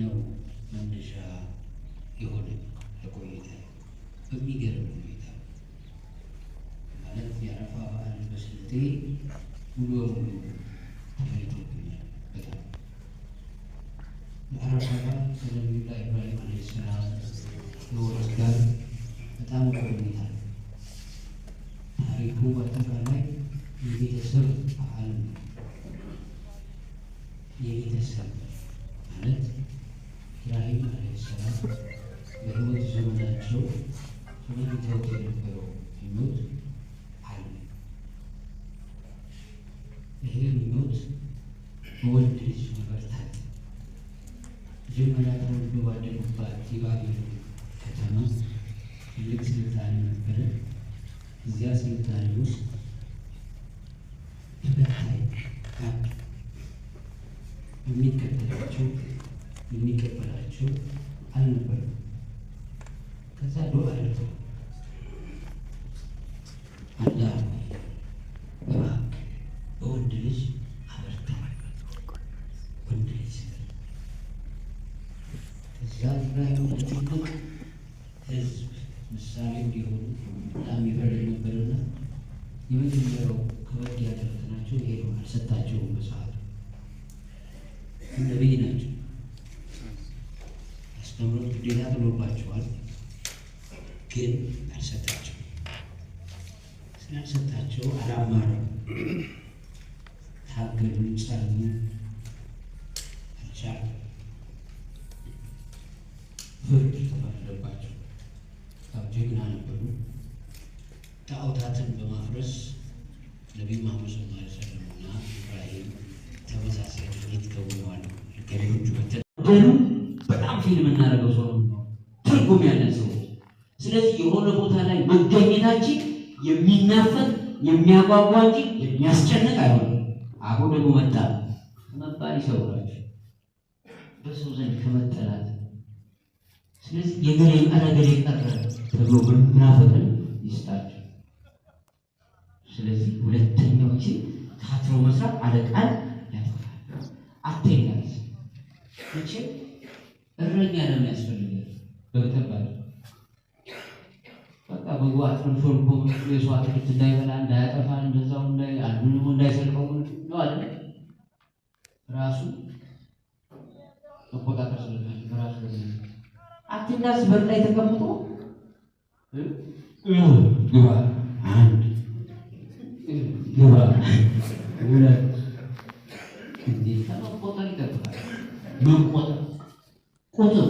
ነው መነሻ የሆነ ለቆይታ በሚገርም ሁኔታ ማለት የአረፋ በዓል በስልጤ ሙሉ በሙሉ ተካሂዶብኛል። በጣም በአረፋ በዓል ከነቢዩላህ ኢብራሂም ዓለይሂ ሰላም የወረድ ጋር በጣም ቆይታ ታሪኩ በአጠቃላይ የቤተሰብ በዓል ነው። የቤተሰብ ማለት ራሔል ዓለይሂ ሰላም በሕይወት ዘመናቸው ተመኝተውት የነበረው ምኞት አለ። ይሄ ምኞት በወልድ ልጅ መበርታት መጀመሪያ ተወልዶ ባደጉባት ከተማ ትልቅ ስልጣኔ ነበረ። እዚያ ስልጣኔ ውስጥ ተከታይ የሚከተላቸው የሚቀበላቸው አልነበርም። ከዛ ዱዓ አድርጎ አላህ በወንድ ልጅ የመጀመሪያው ከበድ ያደረግናቸው ይሄ ነው። አልሰጣቸውም መጽሐፍ ነቢይ ናቸው። ፍርድ ተፈረደባቸው። ጀግና ነበሩ። ጣዖታትን በማፍረስ ነቢዩ መሐመድ ሰለላሁ ዐለይሂ ወሰለም እና ኢብራሂም ተመሳሳይ ድርጊት ከውነዋል። ገሌዎቹ በጣም ፊልም እናደርገው ሰው ትርጉም ያለ ሰው። ስለዚህ የሆነ ቦታ ላይ መገኘታችን የሚናፈቅ የሚያጓጓ እንጂ የሚያስጨንቅ አይሆንም። አሁን ደግሞ መጣ መባል በሰው ዘንድ ከመጠላት ስለዚህ የገሌ አረገሌ ቀረ ተብሎ መናፈቅን ይስጣቸው። ስለዚህ ሁለተኛው ጊዜ ታትሮ መስራት አለቃን ያጠፋል። አተኛት መቼ እረኛ ነው የሚያስፈልገው። በግጠባል በቃ በጉ አጥንፎ ልኮ የሰው አትክልት እንዳይበላ እንዳያጠፋ፣ እንደዛው አልሞ እንዳይሰልቀው ነው አለ ራሱ መቆጣጠር ስለሚ ራሱ አትና በር ላይ ተቀምጦ ግባ አንድ ግባ ሁለት ቁጥር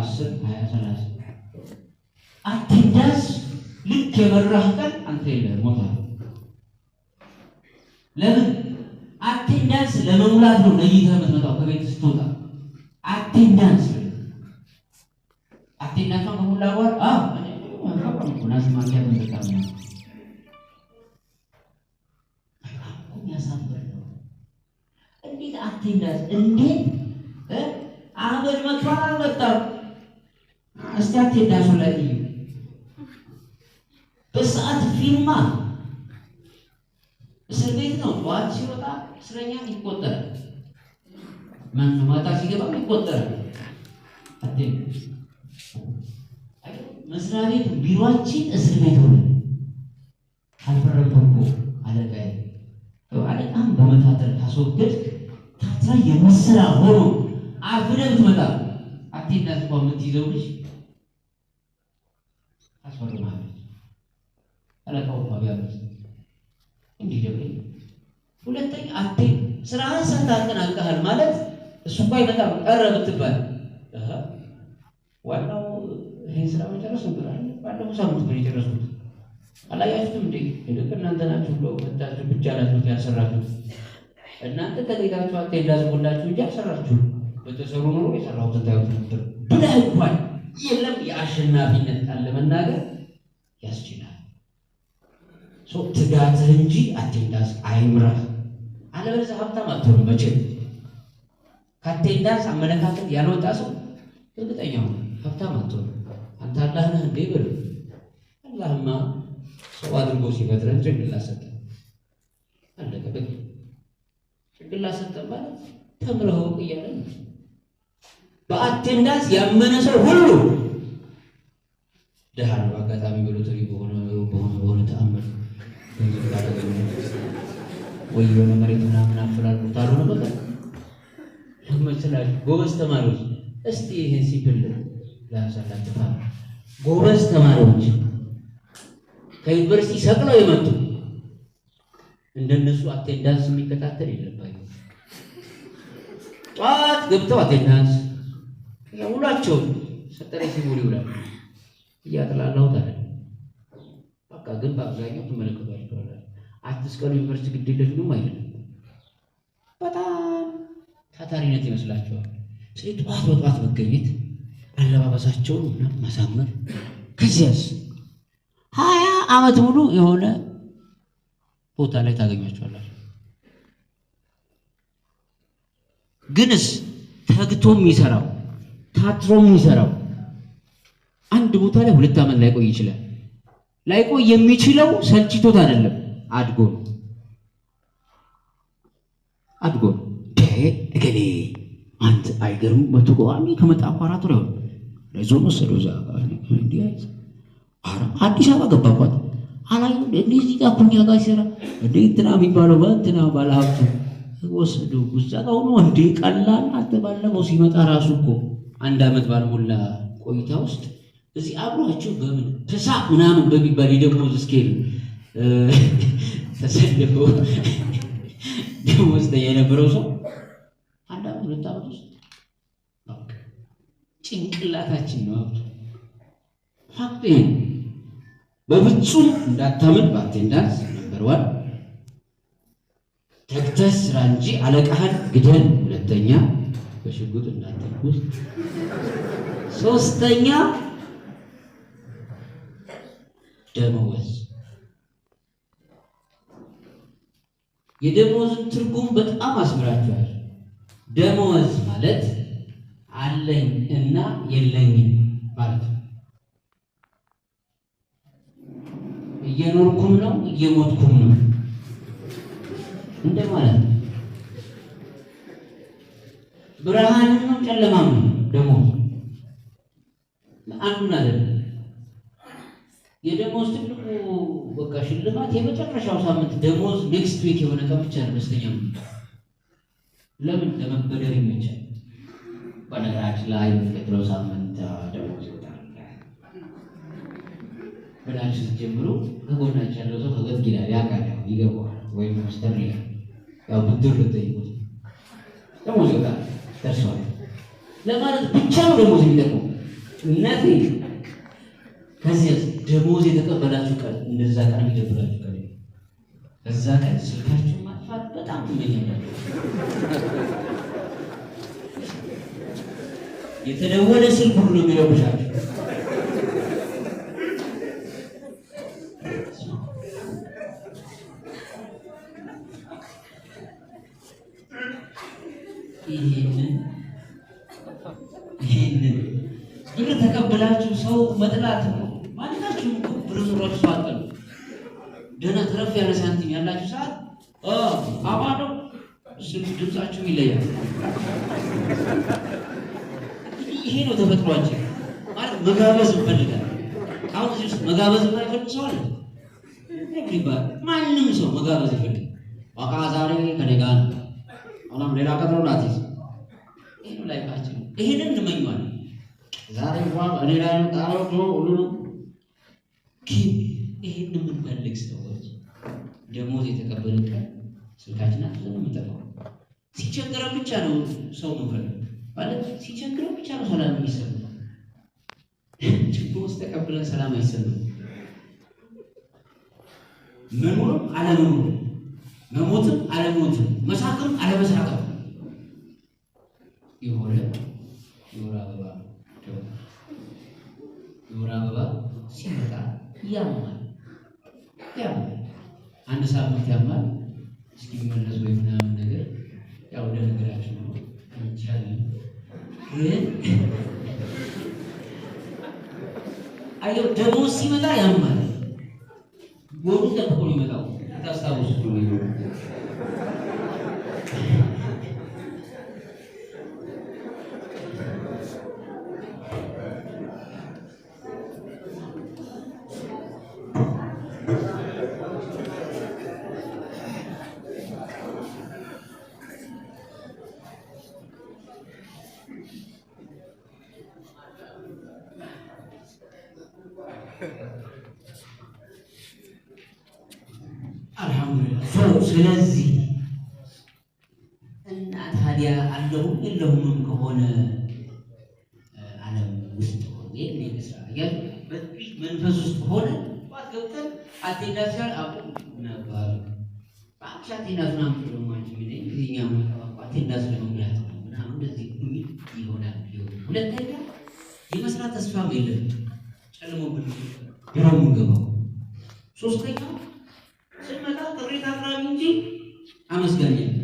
አስር ሀያ ሰላሳ አትዳስ ልክ የበራህ ቀን አንተ የለህ ሞታ ለምን አቴንዳንስ ለመሙላት ነው ለይተህ የምትመጣው ከቤት ስትወጣ አቴንዳንስ Binatang mawala Ah, ano yung mga kapag ነው። እንዴት አትይነት እንዴት አህመድ መጥፋት አልመጣም። እስቲ አትሄዳሱ ላይ በሰዓት ፊልማ እስር ቤት ነው። ጠዋት ሲወጣ እስረኛ ይቆጠራል። ማነው ማታ ሲገባም ይቆጠራል። መስሪያ ቤት ቢሮአችን እስር ቤት ሆነ። ካልፈረምኩ አለቃዬ አለቃም በመታተር ካስወገድ ታትራ የምስራ ሆኖ አፍነ ትመጣ አቴንዳንስ እንኳን የምትይዘው ልጅ ታስፈርማለች። አለቃው እንኳ ቢያሉት እንዲህ ደብሬ ሁለተኛ አቴ ስራህን ሳታጠናቅቀሃል ማለት እሱ እንኳ ይመጣ ቀረ ብትባል ዋናው ይህን ስራ መጨረስ ነበር አለ። ባለፈው ሳምንት ነው የጨረሱት። አላያችሁትም እንዴ? ልክ እናንተ ናችሁ ብሎ መታችሁ ብቻ ላችሁት ያሰራችሁት። እናንተ ተገኝታችሁ አታ እንዳዝቦላችሁ እንጂ አሰራችሁ። በተሰሩ ኑሮ የሰራሁትን ታዩት ነበር ብለህ እንኳን የለም የአሸናፊነት ቃል ለመናገር ያስችላል። ትጋትህ እንጂ አቴንዳስ አይምራህ። አለበለዚያ ሀብታም አትሆንም መቼም። ከአቴንዳስ አመለካከት ያልወጣ ሰው እርግጠኛ ሆነ ሀብታም አላህ ነህ እንዴ ብሉ። አላህማ ሰው አድርጎ ሲፈጥረን ጭንቅላት ሰጠ። አለቀ በቃ። ጭንቅላት ሰጠን ማለት ተምረህ እወቅ እያለ በአቴንዳንስ ያመነ ሰው ሁሉ ደሃ ነው። አጋጣሚ በሎተሪ በሆነ በሆነ በሆነ ተአምር ወይ የሆነ መሬት ምናምን አፈላሉ ታሉ ነው በቃ ለመችላል ጎበዝ ተማሪዎች እስቲ ይህን ሲብል ላሳላችሁ ጎበዝ ተማሪዎች ከዩኒቨርሲቲ ሰቅለው የመጡ እንደነሱ አቴንዳንስ የሚከታተል የለባቸው። ጠዋት ገብተው አቴንዳንስ ሁላቸው ሰጠሬ ሲሞል ይውላል። እያጥላላሁት አለ በቃ ግን በአብዛኛው ትመለከቷቸዋላል። አትስቀሉ ዩኒቨርሲቲ ግዴለሽም አይደለም። በጣም ታታሪነት ይመስላቸዋል። ስለ ጠዋት በጠዋት መገኘት አለባበሳቸውን ማሳመር። ከዚያስ ሀያ አመት ሙሉ የሆነ ቦታ ላይ ታገኟቸዋላችሁ። ግንስ ተግቶ የሚሰራው ታትሮ የሚሰራው አንድ ቦታ ላይ ሁለት ዓመት ላይቆይ ይችላል። ላይቆይ የሚችለው ሰልችቶት አይደለም፣ አድጎ ነው። አድጎ እገሌ አንድ አይገርም መቶ ቋሚ ከመጣ አኳራቱ ለዞ መሰለው እዛ አዲስ አበባ ገባኳት አላይ እንዴ እዚህ ጋር ኩኛ ጋር ሲራ እንዴ እንትና የሚባለው በእንትና ባለሀብት ወሰደው እዛ ጋር ሆኖ እንዴ ቀላል አንተ ባለፈው ሲመጣ ራሱ እኮ አንድ አመት ባልሞላ ቆይታ ውስጥ እዚህ አብሯቸው በምን ፍሳ ምናምን በሚባል የደሞዝ ስኬል ተሰልፈው ደሞዝተኛ የነበረው ሰው አንድ አመት ሁለት አመት ውስጥ ጭንቅላታችን ነው አብዱ። ፋክት ይሄ በፍጹም እንዳታምን በአቴንዳንስ ተግተህ ስራ እንጂ አለቃህን ግደል። ሁለተኛ በሽጉጥ እንዳትኩስ። ሶስተኛ ደመወዝ የደመወዝን ትርጉም በጣም አስምራችኋል። ደመወዝ ማለት አለኝ እና የለኝም ማለት ነው። እየኖርኩም ነው እየሞትኩም ነው እንደ ማለት ነው። ብርሃንም ነው ጨለማም ነው ደግሞ አንዱን አይደለም። የደሞዝ ትልቁ በቃ ሽልማት የመጨረሻው ሳምንት ደሞዝ ኔክስት ዊክ የሆነ ቀን ብቻ ነው ደስተኛ። ለምን ለመበደር ይመቻል። በነገራችን ላይ በሚቀጥለው ሳምንት ደሞዝ ይወጣል። ብላችሁ ስትጀምሩ ከጎናችሁ ያለው ሰው ፈገግ ይላል፣ ያውቃል፣ ይገባዋል። ወይም ማስተር ይላል። ያው ብድር ልጠይቁት ደሞዝ ይወጣል፣ ደርሰዋል ለማለት ብቻ ነው ደሞዝ የሚጠቅመው እነት ከዚህ ደሞዝ የተቀበላችሁ ቀን እንደዛ ቀን የሚደብራችሁ ቀን እዛ ቀን ስልካችሁ ማጥፋት በጣም ትመኛላችሁ። የተደወለ ስልክ ሁሉ ነው የሚለብሻል። ብር ተቀብላችሁ ሰው መጥላት ነው። ማንኛችሁም ብር ዙራችሁ ደህና ትረፍ ያለ ሳንቲም ያላችሁ ሰዓት አባ ነው። ይለያል። ይሄ ነው ተፈጥሯችን። ማለት መጋበዝ እንፈልጋለን። አሁን እዚህ ውስጥ መጋበዝ የማይፈልግ ሰው አለ ይባል? ማንም ሰው መጋበዝ ይፈልግ። ዋቃ ዛሬ ከደጋ ነው። አሁንም ሌላ ቀጠሮ ናት። ይህ ነው ላይፋችን። ይሄንን እንመኘዋለን። ዛሬ እንኳን እኔ ላይ ጣለው ዶ ሁሉ ግን ይህን የምንፈልግ ሰዎች ደሞዝ የተቀበልን ቀን ስልካችን ነው የሚጠፋው። ሲቸገረ ብቻ ነው ሰው የምንፈልግ ማለት ሲቸግረው ብቻ ነው ሰላም የሚሰማው። ችግር ውስጥ ተቀብለን ሰላም አይሰማም። መኖርም አለመኖር፣ መሞትም አለመሞትም፣ መሳቅም አለመሳቅም የሆነ የወር አበባ የወር አበባ ሲመጣ ያማል ያማል። አንድ ሳምንት ያማል እስኪመለስ ወይ ምናምን ነገር ያው ለነገራችን ነው ይቻለን አየው ደግሞ ሲመጣ ያማል። ጎኑ ጠብቆ ነው የሚመጣው። ታስታውሱ ስለዚህ እና ታዲያ አለሁም የለሁምም ከሆነ ዓለም ውስጥ ሆኜ ስራ እያል በዚህ መንፈስ ውስጥ ሆነ ጠዋት አቴንዳሲያል አቁ ነበር በአንቺ አቴንዳስ ናም ደግሞ አንቺ ጊዜኛ ማጠባቁ አቴንዳስ ለመሙላት ምናምን እንደዚህ ጉሚል ይሆናል። ሁለተኛ የመስራት ተስፋም የለም ጨልሞብን ገባው። ሶስተኛው a nos ganhar.